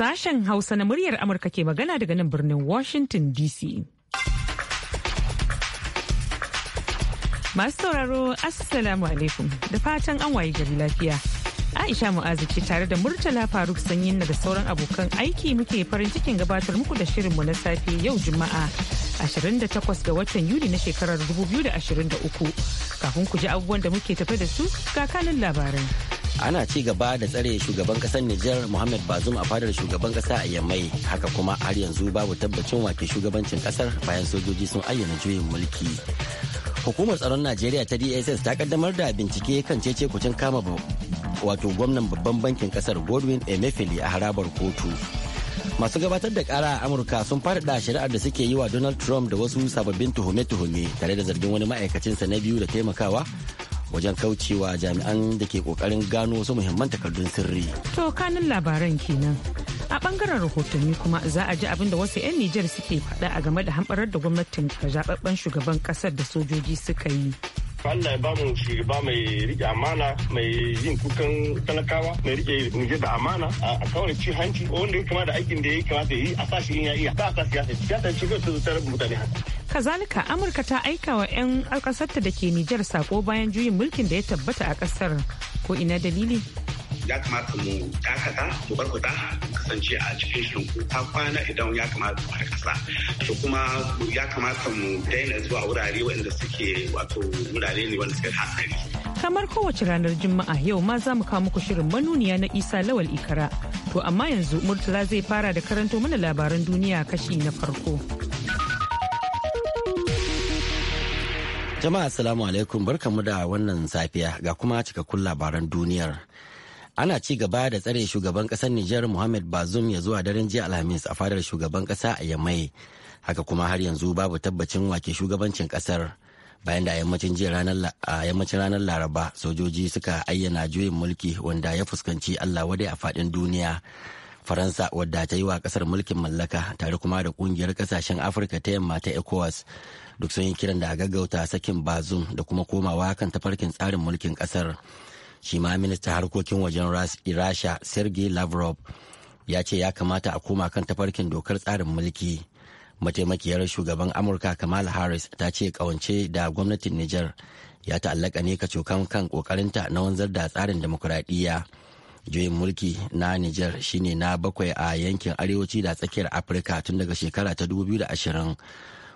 Sashen Hausa na muryar Amurka ke magana daga nan birnin Washington DC. Masu sauraro Assalamu alaikum da fatan an waye gari lafiya. Aisha Mu'azu ce tare da Murtala Faruk Sanyin da sauran abokan aiki muke farin cikin gabatar muku da shirinmu na safe yau Juma'a 28 ga watan Yuli na shekarar 2023. Kafin ku ji abubuwan da muke tafe da su kakanin kanin labaran. ana ci gaba da tsare shugaban kasar Nijar Muhammad Bazoum a fadar shugaban kasa a Yamai haka kuma har yanzu babu tabbacin wake shugabancin kasar bayan sojoji sun ayyana juyin mulki. Hukumar tsaron Najeriya ta DSS ta kaddamar da bincike kan cece kucin kama wato gwamnan babban bankin kasar Godwin Emefiele a harabar kotu. Masu gabatar da kara a Amurka sun faɗaɗa shari'ar da suke yi wa Donald Trump da wasu sababbin tuhume-tuhume tare da zargin wani ma'aikacinsa na biyu da taimakawa wajen kaucewa jami'an da ke kokarin gano wasu muhimman takardun sirri. To kanin labaran kenan. A bangaren rahotanni kuma za a ji abin da wasu 'yan Nijar suke faɗa a game da hamɓarar da gwamnatin zaɓaɓɓen shugaban ƙasar da sojoji suka yi. Allah ya ba mu shugaba mai rike amana mai yin kukan talakawa mai rike muje da amana a kawai ci hanci wanda ya kama da aikin da ya kamata yi a sashi in ya iya ta a sa siyasa siyasa ce zai ta zutar mutane haka. Kazalika Amurka ta aika wa 'yan ƙasarta da ke Nijar sako bayan juyin mulkin da ya tabbata a ƙasar ko ina dalili. ya kamata mu dakata mu barkuta kasance a cikin shirin ta kwana idan ya kamata mu harkasa to kuma ya kamata mu daina zuwa wurare waɗanda suke wato wurare ne wanda suke hankali kamar kowace ranar juma'a yau ma za mu kawo muku shirin manuniya na isa lawal ikara to amma yanzu murtala zai fara da karanto mana labaran duniya kashi na farko. Jama'a Assalamu alaikum barkamu da wannan safiya ga kuma cikakkun labaran duniyar. Ana ci gaba da tsare shugaban kasar Nijar Muhammad Bazoum ya zuwa daren jiya Alhamis a fadar shugaban kasa a Yamai. Haka kuma har yanzu babu tabbacin wake shugabancin kasar. Bayan da a yammacin ranar Laraba sojoji suka ayyana juyin mulki wanda ya fuskanci Allah wadai a faɗin duniya. Faransa wadda ta yi wa kasar mulkin mallaka tare kuma da kungiyar kasashen Afirka ta yamma ta ECOWAS duk sun yi kiran da a gaggauta sakin bazum da kuma komawa kan tafarkin tsarin mulkin kasar shi ma ministan harkokin wajen rasha sergei lavrov ya ce ya kamata a koma kan tafarkin dokar tsarin mulki mataimakiyar shugaban amurka kamal harris ta ce kawance da gwamnatin niger ya ta'allaka ne kacokan kan kokarinta na wanzar da tsarin demokuraɗiyya juyin mulki na niger shine na bakwai a yankin arewaci da tsakiyar afirka tun daga shekara ta 2020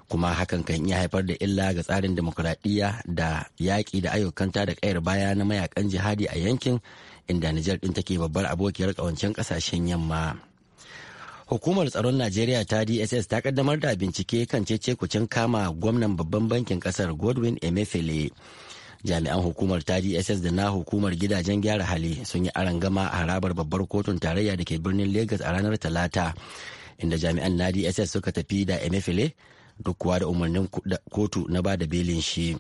kuma hakan kan iya haifar da illa ga tsarin demokuraɗiyya da yaƙi da ayyukanta da ƙayar baya na mayakan jihadi a yankin inda Nijar ɗin take babbar abokiyar ƙawancen ƙasashen yamma. Hukumar tsaron Najeriya ta DSS ta kaddamar da bincike kan cece-kucin kama gwamnan babban bankin ƙasar Godwin Emefiele. jami'an hukumar ta dss da na hukumar gidajen gyara hali sun yi arangama a harabar babbar kotun tarayya da ke birnin Legas a ranar talata inda jami'an na dss suka tafi da emefile duk kuwa da umarnin kotu na ba da belin shi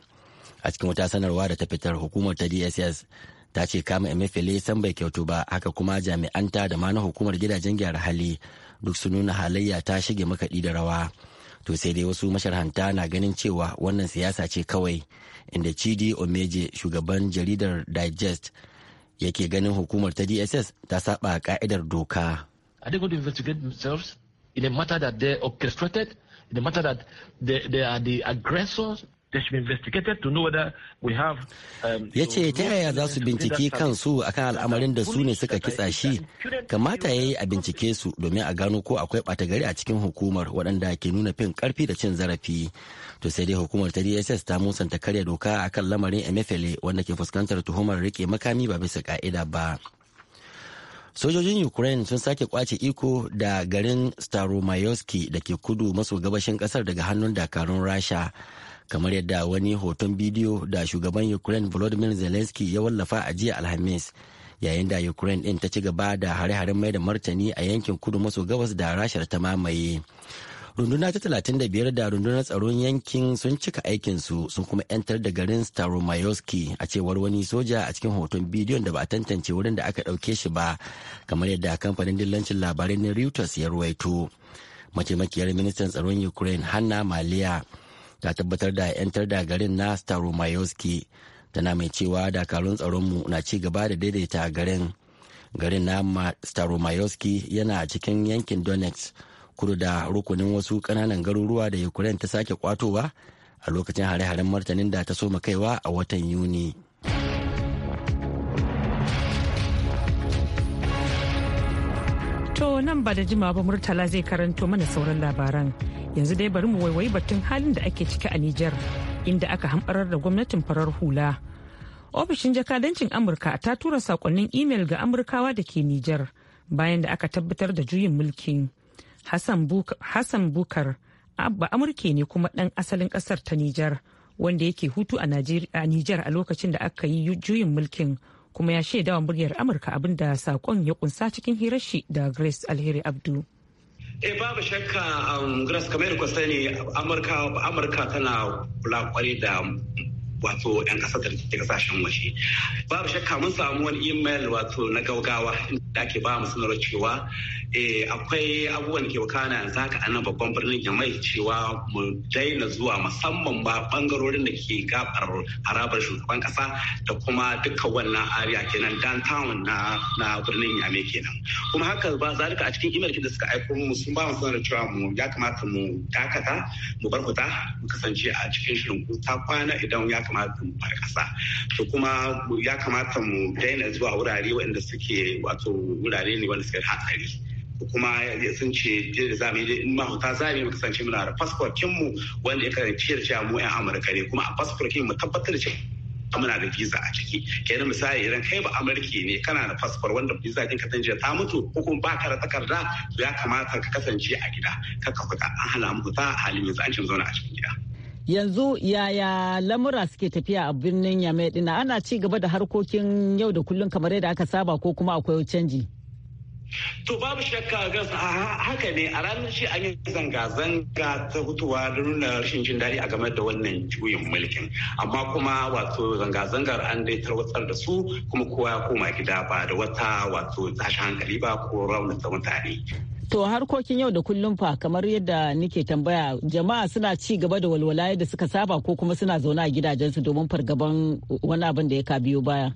a cikin wata sanarwa da ta fitar hukumar ta dss ta ce kama emefiele san bai kyautu ba haka kuma jami'anta da ma na hukumar gidajen gyara hali duk su nuna halayya ta shige makaɗi da rawa to sai dai wasu masharhanta na ganin cewa wannan siyasa ce kawai inda chidi omeje shugaban jaridar digest yake ganin hukumar ta dss ta saba ka'idar doka Are they going to investigate themselves in a matter that they orchestrated the matter that uh, they, they are the aggressors ya ce ta yaya za su bincike kansu akan al'amarin da su ne suka kitsa shi kamata ya yi a bincike su domin a gano ko akwai ɓata gari a cikin hukumar waɗanda ke nuna fin karfi da cin zarafi to sai dai hukumar ta dss ta musanta karya doka akan lamarin emefele wanda ke fuskantar tuhumar rike makami ba bisa ka'ida ba sojojin ukraine sun sake kwace iko da garin staromayoski da ke kudu maso gabashin kasar daga hannun dakarun rasha kamar yadda wani hoton bidiyo da shugaban ukraine volodymyr zelensky ya wallafa a jiya alhamis yayin da ukraine din ta ci gaba da hare-haren mai da martani a yankin kudu maso gabas da rashar ta mamaye runduna ta 35 da rundunar tsaron yankin sun cika aikinsu sun kuma 'yantar da garin staromayoski a cewar wani soja a cikin hoton bidiyon da ba a tantance wurin da aka ɗauke shi ba kamar yadda kamfanin dillancin labarai na reuters ya ruwaito mataimakiyar ministan tsaron ukraine hanna maliya ta tabbatar da 'yantar da garin na staromayoski tana mai cewa dakarun tsaronmu na ci gaba da daidaita garin garin na staromayoski yana cikin yankin donetsk kudu da rukunin wasu kananan garuruwa da ukraine ta sake kwatowa a lokacin hare-haren martanin da ta soma kaiwa a watan yuni to nan ba da jima ba murtala zai karanto mana sauran labaran yanzu dai bari mu waiwayi batun halin da ake ciki a nijar inda aka hamɓarar da gwamnatin farar hula ofishin jakadancin amurka ta tura sakonnin imel ga amurkawa da ke nijar bayan da aka tabbatar da juyin mulkin Hassan Bukar abba Amurke ne kuma ɗan asalin ƙasar ta Nijar wanda yake hutu a Nijar a lokacin da aka yi juyin mulkin kuma ya shaidawa muryar Amurka abinda sakon ya kunsa cikin hirar shi da Grace Alheri Abdu. E babu shakka um, Grace kamar da sani Amurka tana kula da wato 'yan kasa da ke kasashen waje babu shakka mun samu wani email wato na gaugawa da ake ba mu sanarwa cewa eh, akwai abubuwan ke wakana yanzu haka a nan babban birnin jamai cewa mu daina zuwa musamman ba bangarorin da ke gabar harabar shugaban kasa da kuma dukkan wannan area kenan downtown na na birnin yame kenan kuma haka ba zalika a cikin email da suka aiko mu sun ba mu sanarwa cewa mu ya kamata mu dakata mu bar mu kasance a cikin shirin ta kwana idan ya kamata kamata mu bar ƙasa to kuma ya kamata mu daina zuwa wurare waɗanda suke wato wurare ne wanda suke hatsari kuma sun ce da za in ma ta zabi mu kasance muna da fasfokin mu wanda ya karanci da cewa mu 'yan Amurka ne kuma a fasfokin mu tabbatar da cewa muna da visa a ciki kenan misali idan kai ba amurki ne kana da fasfor wanda visa din ka tanje ta mutu ko kuma ba ka da takarda ya kamata ka kasance a gida ka kafa an hana muku ta halin yanzu an zauna a cikin gida yanzu yaya lamura suke tafiya a birnin yamai dina ana ci gaba da harkokin yau da kullum kamar yadda aka saba ko kuma akwai canji to babu shakka gas haka ne a ranar shi an yi zanga-zanga ta hutuwa da nuna rashin jin daɗi a game da wannan juyin mulkin amma kuma wato zanga-zangar an dai tarwatsar da su kuma kowa ya koma gida ba da wata wato tashin hankali ba ko raunata mutane To harkokin yau da kullum fa kamar yadda nike tambaya jama'a suna ci gaba da walwala yadda suka saba ko kuma suna zaune a gidajensu domin fargaban wani abin da ya ka biyo baya.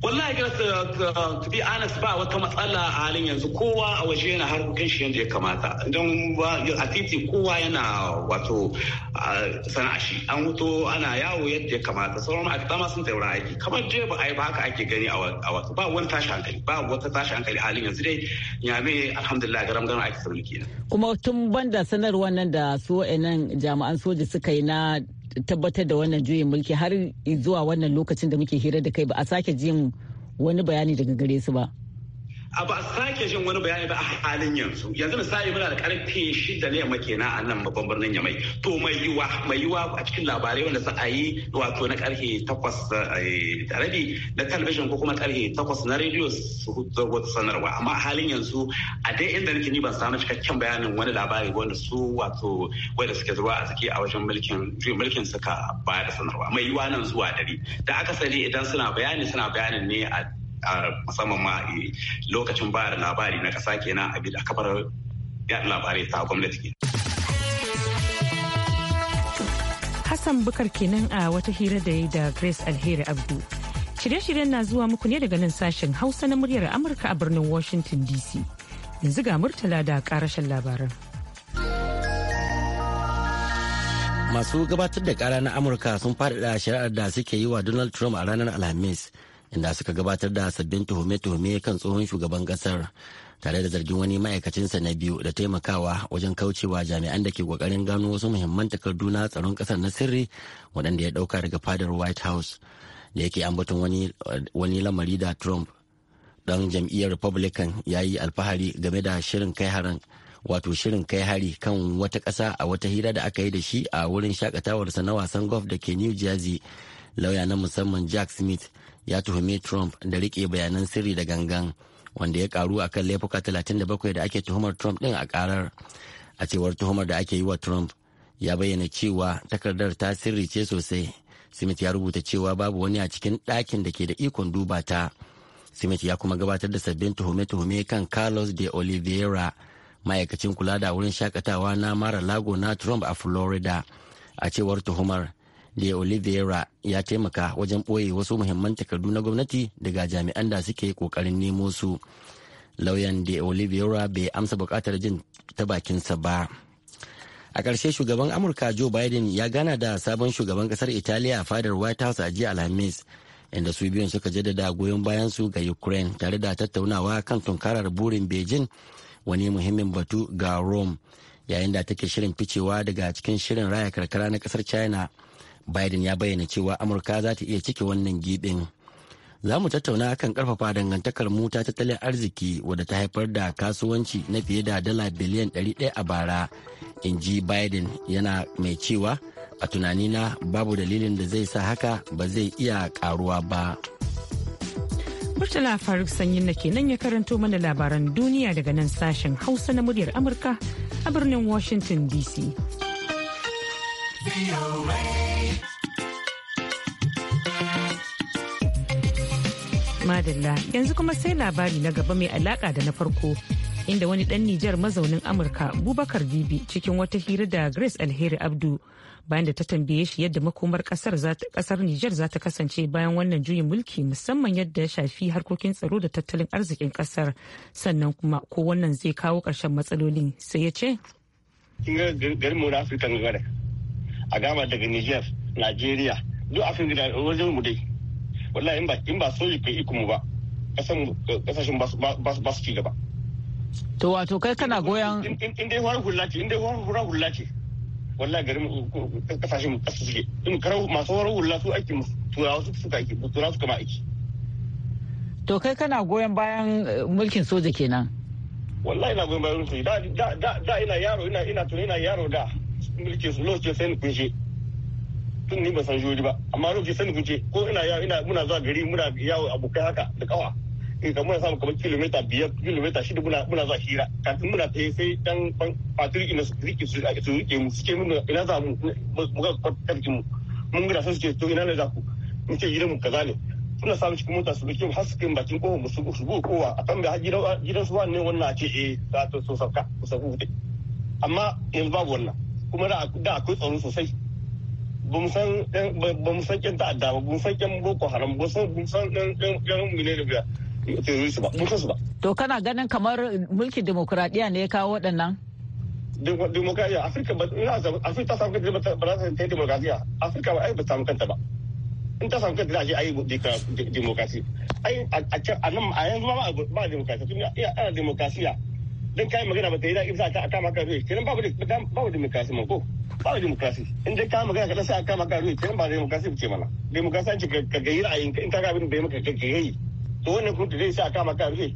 wallahi ga uh, uh, to be honest ba wata matsala a halin yanzu kowa a waje yana harkokin shi yadda ya kamata don a titi kowa yana wato uh, sana'a shi an wuto ana yawo yadda ya kamata sauran a ma sun taura aiki kamar je ba a yi ba haka ake gani a wato ba wani tashi hankali ba wata tashi hankali a halin yanzu dai me alhamdulillah garam garam aiki sauri kenan kuma tun banda sanarwar nan da su wa'annan jami'an soja suka yi na tabbatar da wannan juyin mulki har zuwa wannan lokacin da muke hira da kai ba a sake jin wani bayani daga gare su ba a ba sake jin wani bayani ba a halin yanzu yanzu misali muna da karfe shida ne yamma kenan a nan babban birnin yamai to mai yiwa mai yiwa a cikin labarai wanda a yi wato na karfe takwas eh, da rabi na talabijin ko kuma karfe takwas na rediyo su hutu sanarwa amma a halin yanzu a dai inda nake ni ban samu cikakken bayanin wani labari wanda su wato wanda suke zuwa a ciki a wajen mulkin mulkin suka bayar da sanarwa mai yiwa nan zuwa dare da aka sani idan suna bayani suna bayanin ne a musamman ma eh, lokacin bayar labari na kasa kenan a kafar yaɗa labarai ta gwamnati ke. Hassan Bukar kenan a wata hira da ya da Grace Alheri Abdu. Shirye-shiryen na zuwa muku ne daga nan sashen Hausa na muryar Amurka a birnin Washington DC. Yanzu ga Murtala da karashen labaran. Masu gabatar da kara na Amurka sun faɗaɗa shari'ar da suke yi wa Donald Trump a ranar Alhamis inda suka gabatar da sabbin tuhume-tuhume kan tsohon shugaban kasar tare da zargin wani ma'aikacinsa na biyu da taimakawa wajen kaucewa jami'an da ke kokarin gano wasu muhimman takardu na tsaron kasar na sirri waɗanda ya ɗauka daga fadar white house da yake ambaton wani, wani lamari da trump ɗan jam'iyyar republican ya yi alfahari game da shirin kai haran wato shirin kai hari kan wata ƙasa a wata hira da aka yi da shi a wurin shakatawarsa na wasan golf da ke new jersey lauya na musamman jack smith ya tuhumi Trump da rike bayanan sirri da gangan wanda ya karu a kan laifuka 37 da ake tuhumar Trump din a karar. A cewar tuhumar da ake yi wa Trump ya bayyana cewa takardar ta sirri ce sosai. Smith ya rubuta cewa babu wani a cikin ɗakin da ke da ikon duba ta. Smith ya kuma gabatar da sabbin tuhume-tuhume kan Carlos de Oliveira, ma'aikacin kula da wurin shakatawa na Mara Lago na Trump a Florida. A cewar tuhumar, de olivera ya taimaka wajen ɓoye wasu muhimman takardu na gwamnati daga jami'an da suke ƙoƙarin nemo su. Lauyan De olivera bai amsa buƙatar jin ta bakinsa ba. A ƙarshe shugaban Amurka Joe Biden ya gana da sabon shugaban ƙasar Italiya a fadar White House a jiya Alhamis. inda su biyun suka jaddada goyon bayan su ga ukraine tare da tattaunawa kan tunkarar burin beijing wani muhimmin batu ga rome yayin da take shirin ficewa daga cikin shirin raya karkara na ƙasar china biden ya bayyana cewa amurka za ta iya cike wannan gibin za mu tattauna kan karfafa dangantakar mu ta tattalin arziki wadda ta haifar da kasuwanci na fiye da dala biliyan 100 a bara in ji biden yana mai cewa a tunanina babu dalilin da zai sa haka ba zai iya karuwa ba murtala faruk sanyin na kenan ya karanto mana labaran duniya daga nan sashen hausa na muryar amurka a birnin washington dc madalla yanzu kuma sai labari na gaba mai alaka da na farko inda wani dan Nijar mazaunin Amurka Bubakar Bibi cikin wata hira da Grace Alheri Abdu bayan da ta tambaye shi yadda makomar kasar Nijar za ta kasance bayan wannan juyin mulki musamman yadda ya shafi harkokin tsaro da tattalin arzikin kasar sannan kuma ko wannan zai kawo ƙarshen matsalolin sai ya ce na Afirka a gama daga Nijar Najeriya duk Afirka wajen mu dai wallahi in ba in ba soji ka iko mu ba kasan kasashen ba su ci gaba to wato kai kana goyon in dai har hulla ce in dai har hulla ce wallahi garin kasashen kasu suke in karau masu har hulla su aiki turawa su suka aiki turawa su kama aiki to kai kana goyon bayan eh, mulkin soja kenan wallahi ina goyon bayan soja da da da ina yaro ina ina tuna ina yaro da mulkin su lokacin sai ni kunshe tun ni ba san jori ba amma lokacin sani kuke ko ina yawo ina muna zuwa gari muna yawo abokai haka da kawa in eh, kamar samu kamar kilomita biyar kilomita shida muna muna zuwa hira kafin muna ta sai dan patrick ina su rike su a su rike mu suke mun ina za mu mu ga karkin mu mun gura sun suke to ina ne za ku in ce gidan mu kaza ne suna samun cikin mota su rike har su kai bakin kofar mu su bu kowa a kan ga gidan su wannan wannan a ce eh za ta so sauka ku sauku amma yanzu babu wannan kuma da akwai tsaro sosai ba mu san ba mu san ta'adda ba ba mu san kin boko haram ba san mu san ɗan mine ne ba terrorist ba mu san su ba to kana ganin kamar mulkin demokradiya ne ya kawo waɗannan demokradiya afirka ba ina afirka ta samu kanta ba za ta yi demokradiya afirka ba ai ba ta samu kanta ba in ta samu kanta za a je a yi a ai a nan a yanzu ma ba demokrasi tun ana demokrasiya dan kai magana ba ta yi da ibsa ta kama maka ne eh, kenan babu ba demokrasi man ko ba demokrasi in dai ka magana kaɗan sai a kama ka ruwa kiran ba demokrasi ce mana demokrasi ce ka gayi ra'ayin in ka ga abin da ya maka ka gayi to wannan kuma zai sa a kama ka ruwa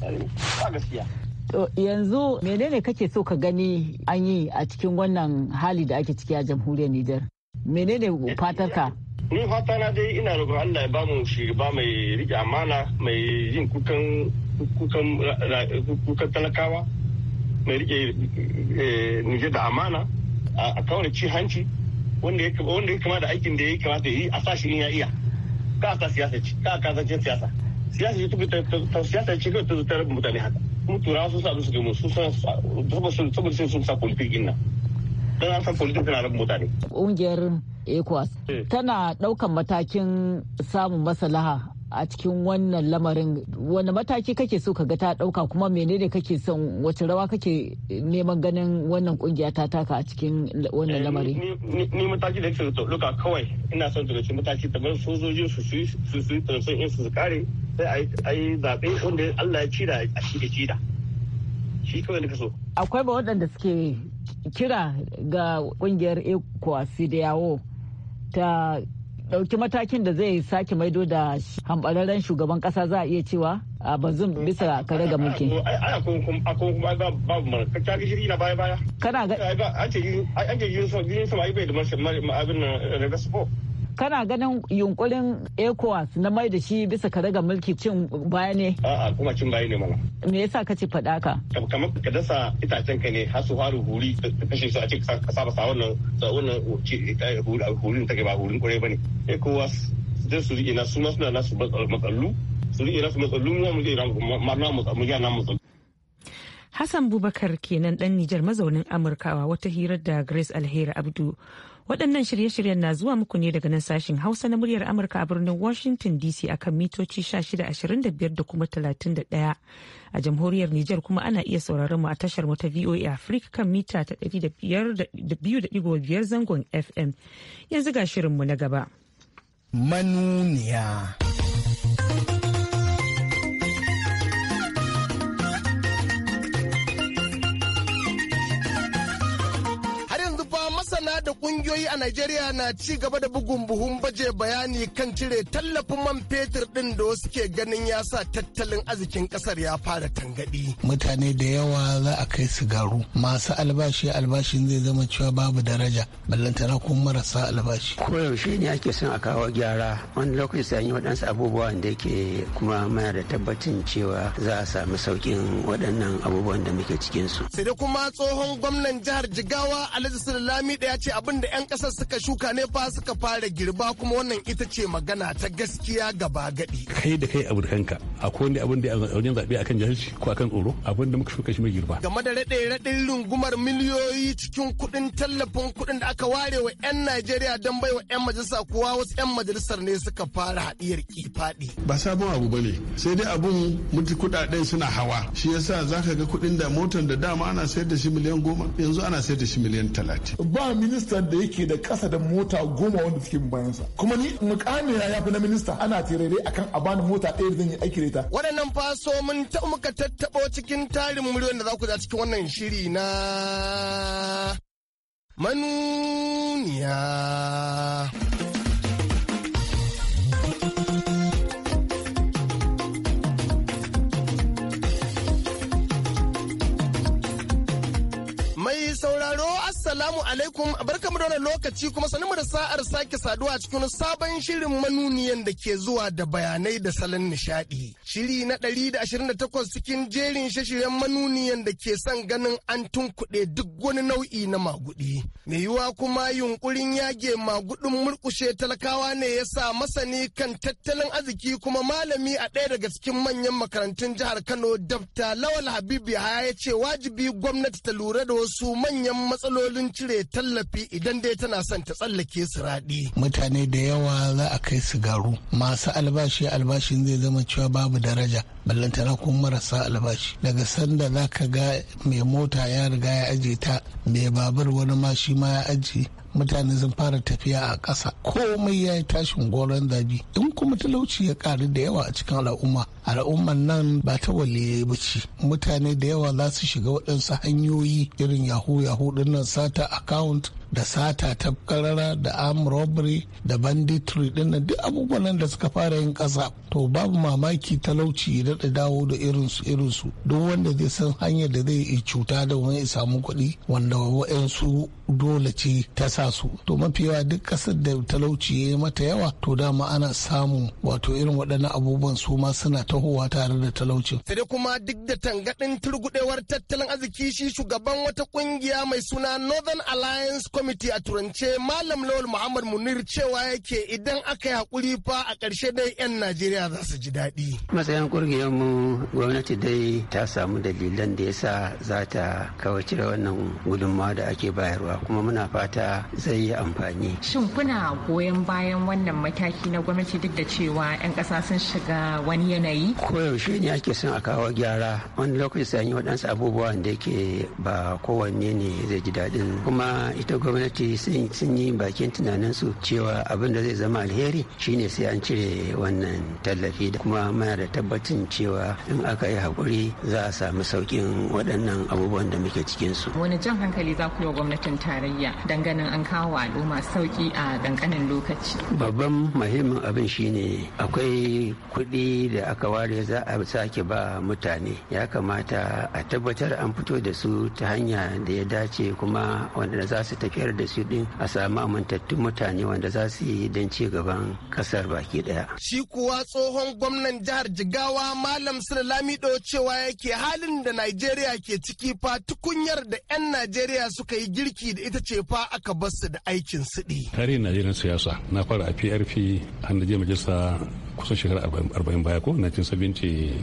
ba gaskiya to yanzu menene kake so ka gani an yi a cikin wannan hali da ake ciki a jamhuriyar Nijar menene fatar ka ni fata na dai ina roƙon Allah ya ba mu shugaba mai rike amana mai yin kukan kukan talakawa mai rike eh, Nijar da amana a kawai ci hanci wanda ya kama da aikin da ya kamata yi a sashi in ya iya ka sa siyasa ci ka ka sa siyasa siyasa ce ta siyasa ce kawai ta zutar mutane haka mu turawa sun sa su ga mu sun san saboda sun sun sa politik din nan don an san politik tana rabu mutane ƙungiyar ECOWAS eh. tana ɗaukan matakin samun masalaha a cikin wannan lamarin wani mataki kake so ka ga ta dauka kuma menene kake son wace rawa kake neman ganin wannan kungiya ta taka a cikin wannan eh, lamarin. ni mataki da yake to luka kawai ina son daga cikin mataki kamar sojojin su su su su tsansan in su kare sai a yi zaɓe wanda Allah ya da a shi da cira shi kawai nika so akwai ba waɗanda suke kira ga kungiyar ECOWAS da yawo ta ɗauki matakin da zai sake maido da hambararren shugaban kasa za a iya cewa a bazum bisa kare ga muke. Kana ga? An ce sama bai da abin da kana ganin yunkurin ecowas na mai da shi bisa ka daga mulki cin baya ne a'a kuma cin baya ne mana me yasa ka ce faɗa ka kamar ka dasa itacen ka ne har su fara huri da kashe su a ce ka saba sa wannan wannan hurin take ba hurin kure bane ecowas zai su riƙe na suna suna nasu matsallu su riƙe nasu matsallu mu mu je na mu mu mu Hassan Bubakar kenan ɗan Nijar mazaunin Amurkawa wata hirar da Grace Alheri Abdu. Waɗannan shirye-shiryen na zuwa muku ne daga nan sashen Hausa na muryar Amurka a birnin Washington DC a kan mitoci 1625 da kuma 31. A jamhuriyar Nijar kuma ana iya sauraron mu a tashar mu ta VOA Africa kan mita ta 200.5 zangon FM. Yanzu ga shirinmu na gaba. Manuniya. da kungiyoyi a Najeriya na ci gaba da bugun buhun baje bayani kan cire tallafin man fetur din da wasu ke ganin ya sa tattalin arzikin kasar ya fara tangadi. Mutane da yawa za a kai garu masu albashi albashin zai zama cewa babu daraja ballantana kuma marasa albashi. Koyaushe ne ake son a kawo gyara wani lokaci sai yi waɗansu abubuwan da ke kuma mana da tabbacin cewa za a samu sauƙin waɗannan abubuwan da muke cikin su. Sai da kuma tsohon gwamnan jihar Jigawa Alhaji Sulami ya ce abin da 'yan ƙasar suka shuka ne fa suka fara girba kuma wannan ita ce magana ta gaskiya gaba gadi. Kai da kai abu kanka akwai wanda abin da wajen zaɓe akan jahilci ko akan tsoro abin da muka shuka shi mai girba. Game da raɗe raɗin rungumar miliyoyi cikin kuɗin tallafin kuɗin da aka ware wa 'yan Najeriya don wa 'yan majalisa kuwa wasu 'yan majalisar ne suka fara haɗiyar kifaɗi. Ba sabon abu ba ne sai dai abun mutu kuɗaɗen suna hawa shi yasa za ka ga kuɗin da motar da dama ana sayar da shi miliyan goma yanzu ana sayar da shi miliyan talatin. Ba ministan da yake da kasa da mota goma wanda suke bayansa kuma ni mukami ya fi na minista ana tirare akan a bani mota ɗaya da zan yi aiki da ita waɗannan faso mun ta muka tattaɓo cikin tarin muryoyin da za ku za cikin wannan shiri na manuniya Assalamu alaikum barkamu da wannan lokaci kuma sanin da sa'ar sake saduwa cikin sabon shirin manuniyan da ke zuwa da bayanai da salon nishadi. Shiri na 128 cikin jerin shashiren manuniyan da ke son ganin an tunkuɗe duk wani nau'i na magudi. Mai yiwa kuma yunkurin yage magudin murkushe talakawa ne ya sa masani kan tattalin arziki kuma malami a ɗaya daga cikin manyan makarantun jihar Kano Dabta Lawal Habibu ya ce wajibi gwamnati ta lura da wasu manyan matsalolin cire tallafi idan dai tana son ta tsallake su raɗi. Mutane da yawa za a kai su garu masu albashi albashin zai zama cewa babu daraja ballantana kuma marasa albashi daga sanda za ka ga mai mota ya riga ya aje ta mai babur wani ma shi ma ya aje mutane sun fara tafiya a ƙasa komai ya yi tashin goron zabi in kuma talauci ya ƙaru da yawa a cikin al'umma al'umman nan ba ta waliyai ba ci mutane da yawa za su shiga waɗansu hanyoyi irin yahoo yahu nan sata account da sata ta karara da arm robbery da banditry din duk abubuwan da suka fara yin kasa to babu mamaki talauci da da dawo da irinsu irinsu duk wanda zai san hanyar da zai yi cuta da wani ya samu kuɗi wanda wa'yansu dole ce ta sa su to mafi yawa duk ƙasar da talauci ya mata yawa to dama ana samu wato irin waɗannan abubuwan su ma suna tahowa tare da talaucin sai dai kuma duk da tangaɗin turgudewar tattalin arziki shi shugaban wata ƙungiya mai suna northern alliance kwamiti a turance malam lawal muhammad munir cewa yake idan aka yi hakuri fa a ƙarshe dai 'yan najeriya za su ji daɗi matsayin ƙungiyar mu gwamnati dai ta samu dalilan da yasa za ta kawace wannan gudunmawa da ake bayarwa kuma muna fata zai yi amfani shin kuna goyon bayan wannan mataki na gwamnati duk da cewa 'yan kasa sun shiga wani yanayi koyaushe ne ake son a kawo gyara wani lokaci sanyi waɗansu abubuwan da yake ba kowanne ne zai ji daɗin kuma ita gwamnati sun yi bakin tunaninsu cewa abin da zai zama alheri shine sai an cire wannan tallafi da kuma muna da tabbacin cewa in aka yi hakuri za a samu sauƙin waɗannan abubuwan da muke cikinsu. wani jan hankali za ku yi wa gwamnatin tarayya danganin an kawo al'umma sauƙi a dankanin lokaci. babban muhimmin abin shine akwai kuɗi da aka ware za a sake ba mutane ya kamata a tabbatar an fito da su ta hanya da ya dace kuma wanda za su tafi tafiyar da su din a samu amintattun mutane wanda za su yi don ci gaban kasar baki daya. Shi kuwa tsohon gwamnan jihar Jigawa Malam Lamido cewa yake halin da Najeriya ke ciki fa tukunyar da 'yan Najeriya suka yi girki da ita ce fa aka bar su da aikin siɗi. Tarihin Najeriya siyasa na fara a PRP an da je majalisa kusan shekara arba'in baya ko 1979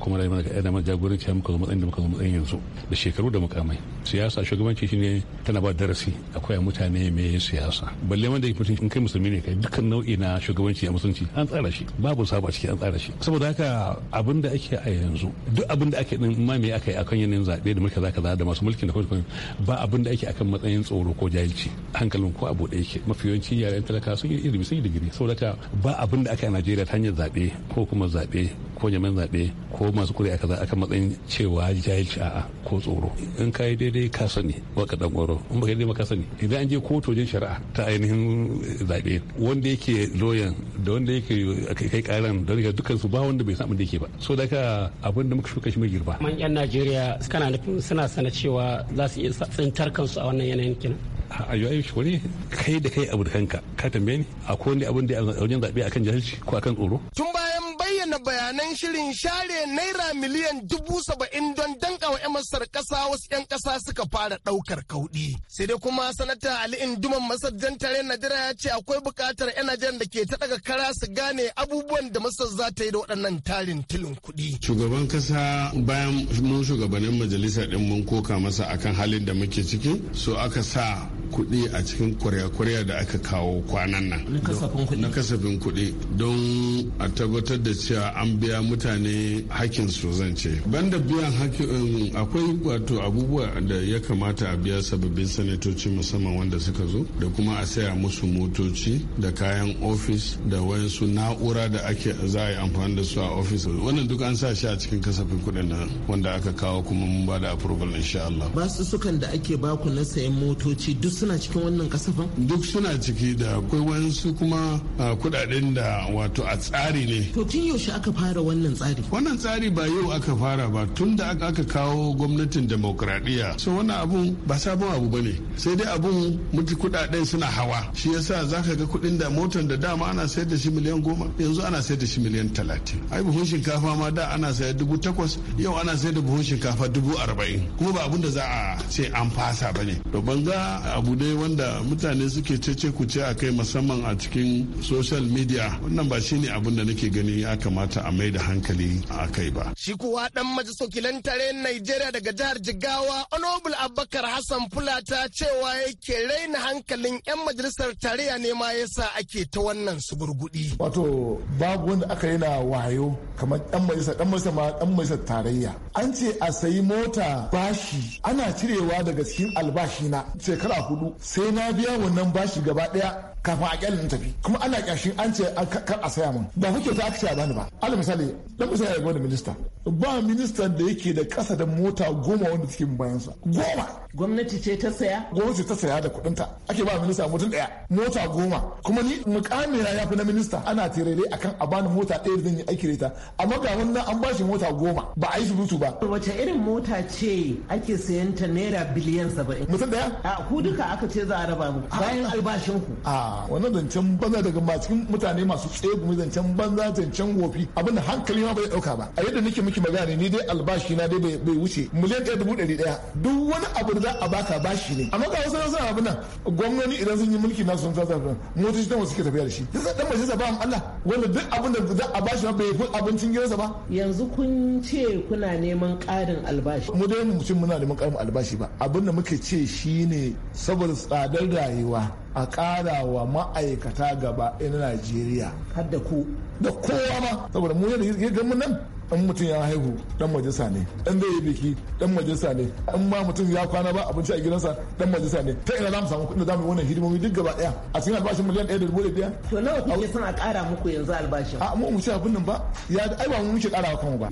kuma da mana kaɗa mana jagoranci ya muka zo matsayin da muka zo matsayin yanzu da shekaru da mukamai siyasa shugabanci shine tana ba darasi akwai mutane me siyasa balle wanda ya mutum in kai musulmi ne kai dukkan nau'i na shugabanci a musulunci an tsara shi babu sabu a ciki an tsara shi saboda haka abin da ake a yanzu duk abin da ake din ma me aka yi akan yanayin zaɓe da mulki zaka da masu mulkin da kuma ba abin da ake akan matsayin tsoro ko jahilci hankalin ko abu da yake mafi yawanci yaren talaka sun yi ilimi sun yi digiri saboda ba abin da ake a najeriya ta hanyar zaɓe ko kuma zaɓe ko jami'an zaɓe ko masu kuri'a kaza kan matsayin cewa jahilci a'a ko tsoro in ka yi daidai ka sani ka dan goro in baka daidai ka sani idan an je kotu wajen shari'a ta ainihin zaɓe wanda yake loyan da wanda yake kai karan da wanda dukkan su ba wanda bai san abin da yake ba so da ka abin da muka shuka shi mai girba. man yan najeriya kana nufin suna sana cewa za su iya tsintar kansu a wannan yanayin kenan. a yi shi kai da kai abu da kanka ka tambaye ni akwai wani abin da ya wajen zaɓe akan jahilci ko akan tsoro. tun bayan bayyana bayanan shirin share naira miliyan dubu saba'in don danka wa 'yan masar kasa wasu 'yan kasa suka fara ɗaukar kauɗi. Sai dai kuma sanata Ali Induman Masar jan tare Najeriya ya ce akwai buƙatar 'yan Najeriya da ke ta daga kara su gane abubuwan da Masar za ta yi da waɗannan tarin tilin kuɗi. Shugaban kasa bayan mun shugabannin majalisa ɗin mun koka masa akan halin da muke ciki so aka sa kuɗi a cikin kuriya-kuriya da aka kawo kwanan nan na kasafin kuɗi don a tabbatar da cewa an biya mutane hakin su zance banda biyan hakin um, akwai wato abubuwa da ya kamata a biya sababbin sanatoci musamman wanda suka zo da kuma a saya musu motoci da kayan ofis da wayansu na'ura da ake za a yi amfani da su a ofis wannan duk an sa shi a cikin kasafin kuɗin nan wanda aka kawo kuma mun ba da approval insha Allah. su sukan da ake baku na sayan motoci duk suna cikin wannan kasafin duk suna ciki da akwai wayansu kuma kudaden da wato a tsari ne to tun yaushe aka fara wannan tsari wannan tsari ba yau aka fara ba tun da aka kawo gwamnatin demokradiyya so wannan abun ba sabon abu bane sai dai abun mutu kudaden suna hawa shi yasa zaka ga kudin da motan. da dama ana sayar da shi miliyan goma yanzu ana sayar da shi miliyan talatin ai buhun shinkafa ma da ana sayar dubu takwas yau ana sayar da buhun shinkafa dubu arba'in kuma ba abun da za a ce an fasa bane to ban ga abu abu ne wanda mutane suke cece ku ce a kai musamman a cikin social media wannan ba shine abin da nake gani ya kamata a mai da hankali a kai ba shi kuwa dan majalisokilan tare Najeriya daga jihar Jigawa Honorable Abubakar Hassan Fulata cewa yake raina hankalin yan majalisar tarayya ne ma yasa ake ta wannan su suburgudi wato babu wanda aka yi na wayo kamar dan majalisar dan majalisar ma dan majalisar tarayya an ce a sayi mota bashi ana cirewa daga cikin albashi na shekara hudu sai na biya wannan bashi gaba daya kafin a kyalin tafi kuma ana kyashin an ce kar a saya mun ba kuke ta aka ce a bani ba alal misali dan misali ya gwada minista ba minista da yake da kasa da mota goma wanda suke bayan sa goma gwamnati ce ta saya gwamnati ta saya da kudin ta ake ba minista mutum daya mota goma kuma ni mukamira ya fi na minista ana tirare akan a bani mota ɗaya da zan yi aiki da ita amma ga wannan an bashi mota goma ba a yi surutu ba wace irin mota ce ake sayan ta naira biliyan saba'in mutum daya a ku duka aka ce za a raba muku bayan albashin ku a'a a wannan zancen banza daga masu mutane masu tsegumi zancen banza zancen wofi abin da hankali ma bai dauka ba a yadda nake miki magana ni dai albashi na dai bai wuce miliyan ɗaya dubu ɗari ɗaya duk wani abu da za a baka bashi ne amma ga wasu na san abin nan gwamnoni idan sun yi mulki na sun zata motoci ta wasu ke tafiya da shi sai dan majalisa ba Allah wanda duk abin da za a bashi ma bai fi abincin gidansa ba yanzu kun ce kuna neman ƙarin albashi mu dai mutum muna neman ƙarin albashi ba abin da muke ce shine saboda tsadar rayuwa a ƙara wa ma'aikata gaba na najeriya har da ku da kowa ma saboda mu yadda ya mu nan in mutum ya haihu dan majalisa ne in zai yi biki dan majalisa ne An ma mutum ya kwana ba abinci a gidansa dan majalisa ne ta ina za mu samu kuɗin da za mu yi wannan hidimomi duk gaba ɗaya a cikin albashin miliyan ɗaya da dubu da to nawa kuke son a ƙara muku yanzu albashin. a mu mu ce abin nan ba ya ai ba mu muke ƙara wa kanmu ba.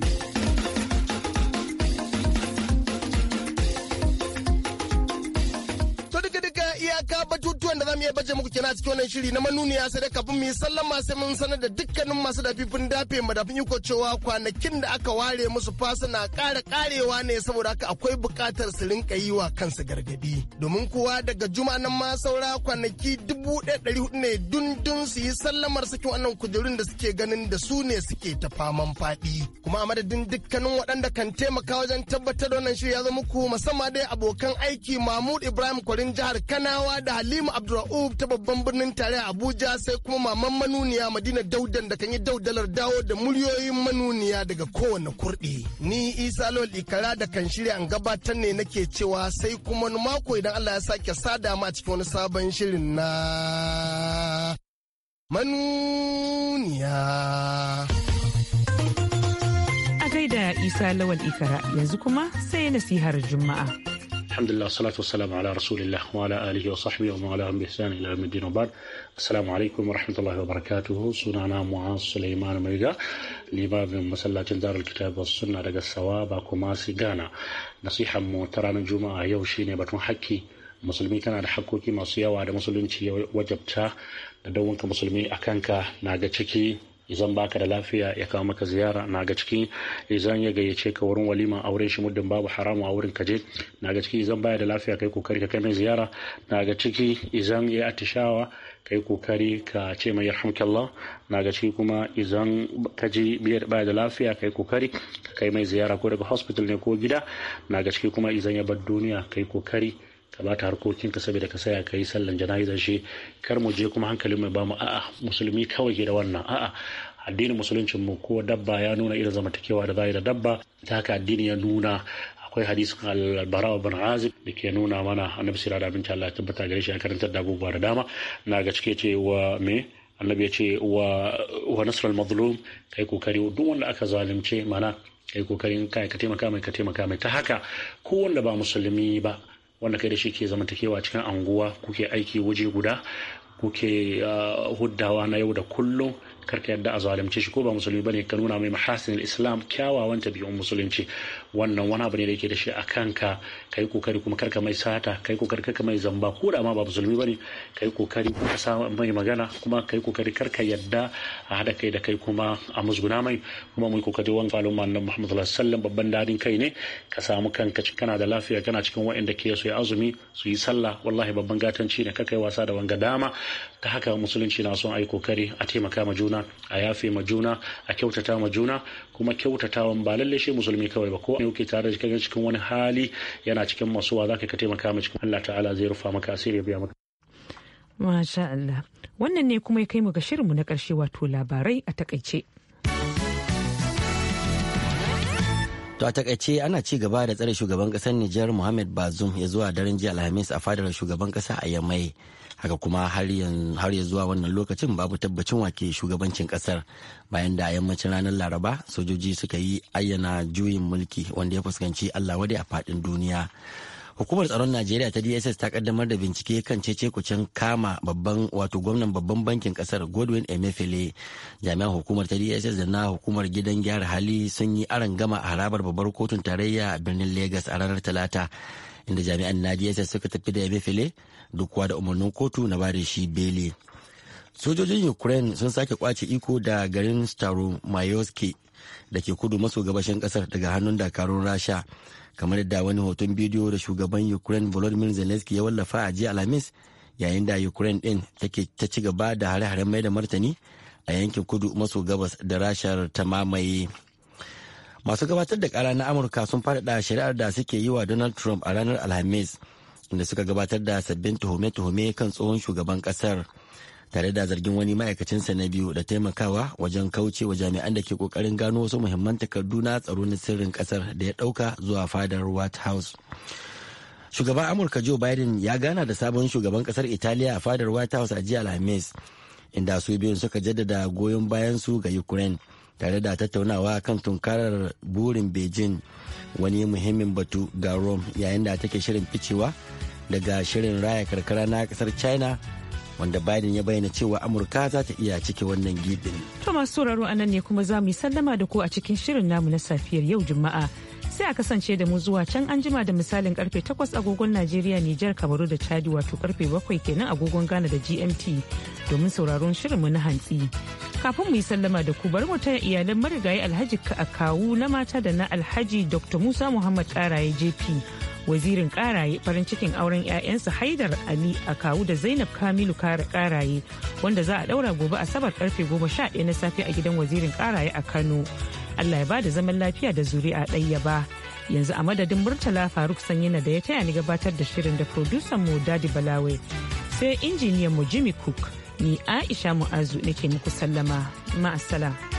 to duka duka iyaka batu abubuwan da za mu iya baje muku kenan a cikin wannan shiri na manuniya sai dai kafin mu yi sallama sai mun sanar da dukkanin masu dafifin dafe madafin iko cewa kwanakin da aka ware musu fa na ƙara ƙarewa ne saboda haka akwai bukatar su rinka yi wa kansu gargadi domin kuwa daga juma nan ma saura kwanaki dubu ɗaya ɗari hudu ne dundun su yi sallamar cikin wannan kujerun da suke ganin da su ne suke ta faman faɗi kuma a madadin dukkanin waɗanda kan taimaka wajen tabbatar da wannan shiri ya zo muku musamman dai abokan aiki mahmud ibrahim kwarin jihar kanawa da halima abdurraub ta babban birnin tare abuja sai kuma maman manuniya madina daudan da kan yi daudalar dawo da muryoyin manuniya daga kowane kurɗi ni isa lol ikara da kan shirya an gabatar ne nake cewa sai kuma mako idan allah ya sake sada ma cikin wani sabon shirin na manuniya a gaida isa lawal ikara yanzu kuma sai nasihar juma'a الحمد لله والصلاة والسلام على رسول الله وعلى آله وصحبه ومن والاهم بإحسان إلى يوم الدين وبعد السلام عليكم ورحمة الله وبركاته سنانا معاذ سليمان ميغا الإمام مسلاة دار الكتاب والسنة رجا الثواب كوماسي غانا نصيحة من جمعة يوشيني بطن حكي مسلمي كان على hakoki masu وعلى مسلمي musulunci ندونك مسلمي أكانك ناقا تشكي zan baka da lafiya ya kawo maka ziyara na ga ciki izan ya gayyace ka wurin walima aure shi muddin babu haramu a wurin kaje na ga ciki izan baya da lafiya kai kokari ka kai mai ziyara na ga ciki izan ya atishawa kai kokari ka ce mai yarhamkallah na ga ciki kuma izan ka baya da lafiya kai kokari ka kai mai ziyara ko daga hospital ne ko gida na ga ciki kuma izan ya bar duniya kai kokari ka bata harkokin ka saboda ka saya ka yi sallan jana'izar shi kar mu je kuma hankalin mai mu. a'a musulmi kawai ke da wannan a'a addinin musuluncin mu ko dabba ya nuna irin zamantakewa da zai da dabba ta haka addini ya nuna akwai hadisin al-bara bin azib da ke nuna mana annabi sirada bin Allah tabbata gare shi a karanta da abubuwa da dama na ga cike cewa me annabi ya ce wa wa al mazlum kai kokari duk wanda aka zalunce mana kai kokarin kai ka taimaka mai ka taimaka mai ta haka ko wanda ba musulmi ba wanda kai da shi ke zamantakewa cikin anguwa kuke aiki waje guda kuke ah, huddawa na yau da kullum karka yadda a zalunce shi ko ba musulmi bane ka nuna mai mahasin islam kyawawan tabi'un musulunci wannan wani abu ne da yake da shi a kanka kai kokari kuma karka mai sata kai kokari karka mai zamba ko da ma ba musulmi bane kai kokari ka sa mai magana kuma kai kokari karka yadda a hada kai da kai kuma a musguna mai kuma mu kokari wani falon annabi Muhammad sallallahu alaihi babban dadin kai ne ka samu kanka kana da lafiya kana cikin waɗanda ke so ya azumi su yi sallah wallahi babban gatanci ne kai wasa da wanga dama ta haka musulunci na son ai kokari a taimaka ma juna a yafe ma juna a kyautata ma juna kuma kyautatawan ba lalle shi musulmi kawai ba ko ne kuke tare da kaga cikin wani hali yana cikin masuwa zaka ka taimaka mai cikin Allah ta'ala zai rufa maka asiri ya biya maka Masha Allah wannan ne kuma ya kai mu ga shirinmu na karshe wato labarai a takaice To a takaice ana ci gaba da tsare shugaban kasar Nijar Muhammad bazum ya zuwa daren jiya Alhamis a fadar shugaban kasa a Yamai haka kuma har ya zuwa wannan lokacin babu tabbacin wake shugabancin kasar bayan da yammacin ranar laraba sojoji suka yi ayyana juyin mulki wanda ya fuskanci allah wadai a fadin duniya hukumar tsaron najeriya ta dss ta kaddamar da bincike kan cece-kucen kama babban wato gwamnan babban bankin kasar godwin emefiele jami'an hukumar ta dss da na hukumar gidan gyara hali sun yi aron gama a harabar babbar kotun tarayya a birnin lagos a ranar talata inda jami'an na dss suka tafi da emefiele duk da umarnin kotu na bada shi bele. sojojin ukraine sun sake kwace iko da garin staromayoski da ke kudu maso gabashin kasar daga hannun dakarun rasha kamar da wani hoton bidiyo da shugaban ukraine volodymyr zelensky ya wallafa a jiya alhamis yayin da ukraine din ta ci gaba da hare-haren mai da martani a yankin kudu maso gabas da rashar ta mamaye masu gabatar da kara na amurka sun faɗaɗa shari'ar da suke yi wa donald trump a ranar alhamis inda suka gabatar da sabbin tuhume-tuhume kan tsohon shugaban kasar tare da zargin wani ma'aikacinsa na biyu da taimakawa wajen kauce wa jami'an da ke kokarin gano wasu muhimman takardu na tsaro na sirrin kasar da ya dauka zuwa fadar white house shugaban amurka joe biden ya gana da sabon shugaban kasar italiya a fadar white house a jiya alhamis inda su biyun suka jaddada goyon bayan su ga ukraine tare da tattaunawa kan tunkarar burin beijing wani muhimmin batu ga rome yayin da take shirin ficewa daga shirin raya karkara na kasar china wanda biden ya bayyana cewa amurka za ta iya cike wannan gibin. to masu sauraro a nan ne kuma za mu yi sallama da ku a cikin shirin namu na safiyar yau juma'a sai a kasance da mu zuwa can an jima da misalin karfe 8 agogon najeriya nijar kamaru da chadi wato karfe 7 kenan agogon ghana da gmt domin sauraron shirinmu na hantsi. kafin mu yi sallama da ku bari mu taya iyalan marigayi alhaji a na mata da na alhaji dr musa muhammad karaye jp wazirin karaye farin cikin auren 'ya'yansa haidar ali akawu da zainab kamilu karaye wanda za a daura gobe asabar karfe 11 na safe a gidan wazirin karaye a kano allah ya ba da zaman lafiya da zuri'a ɗayya ba yanzu a madadin murtala faruk sanyina da ya taya ni gabatar da shirin da producer mu dadi balawe sai injiniyan mu jimmy cook ni aisha mu'azu nake muku sallama ma'asala.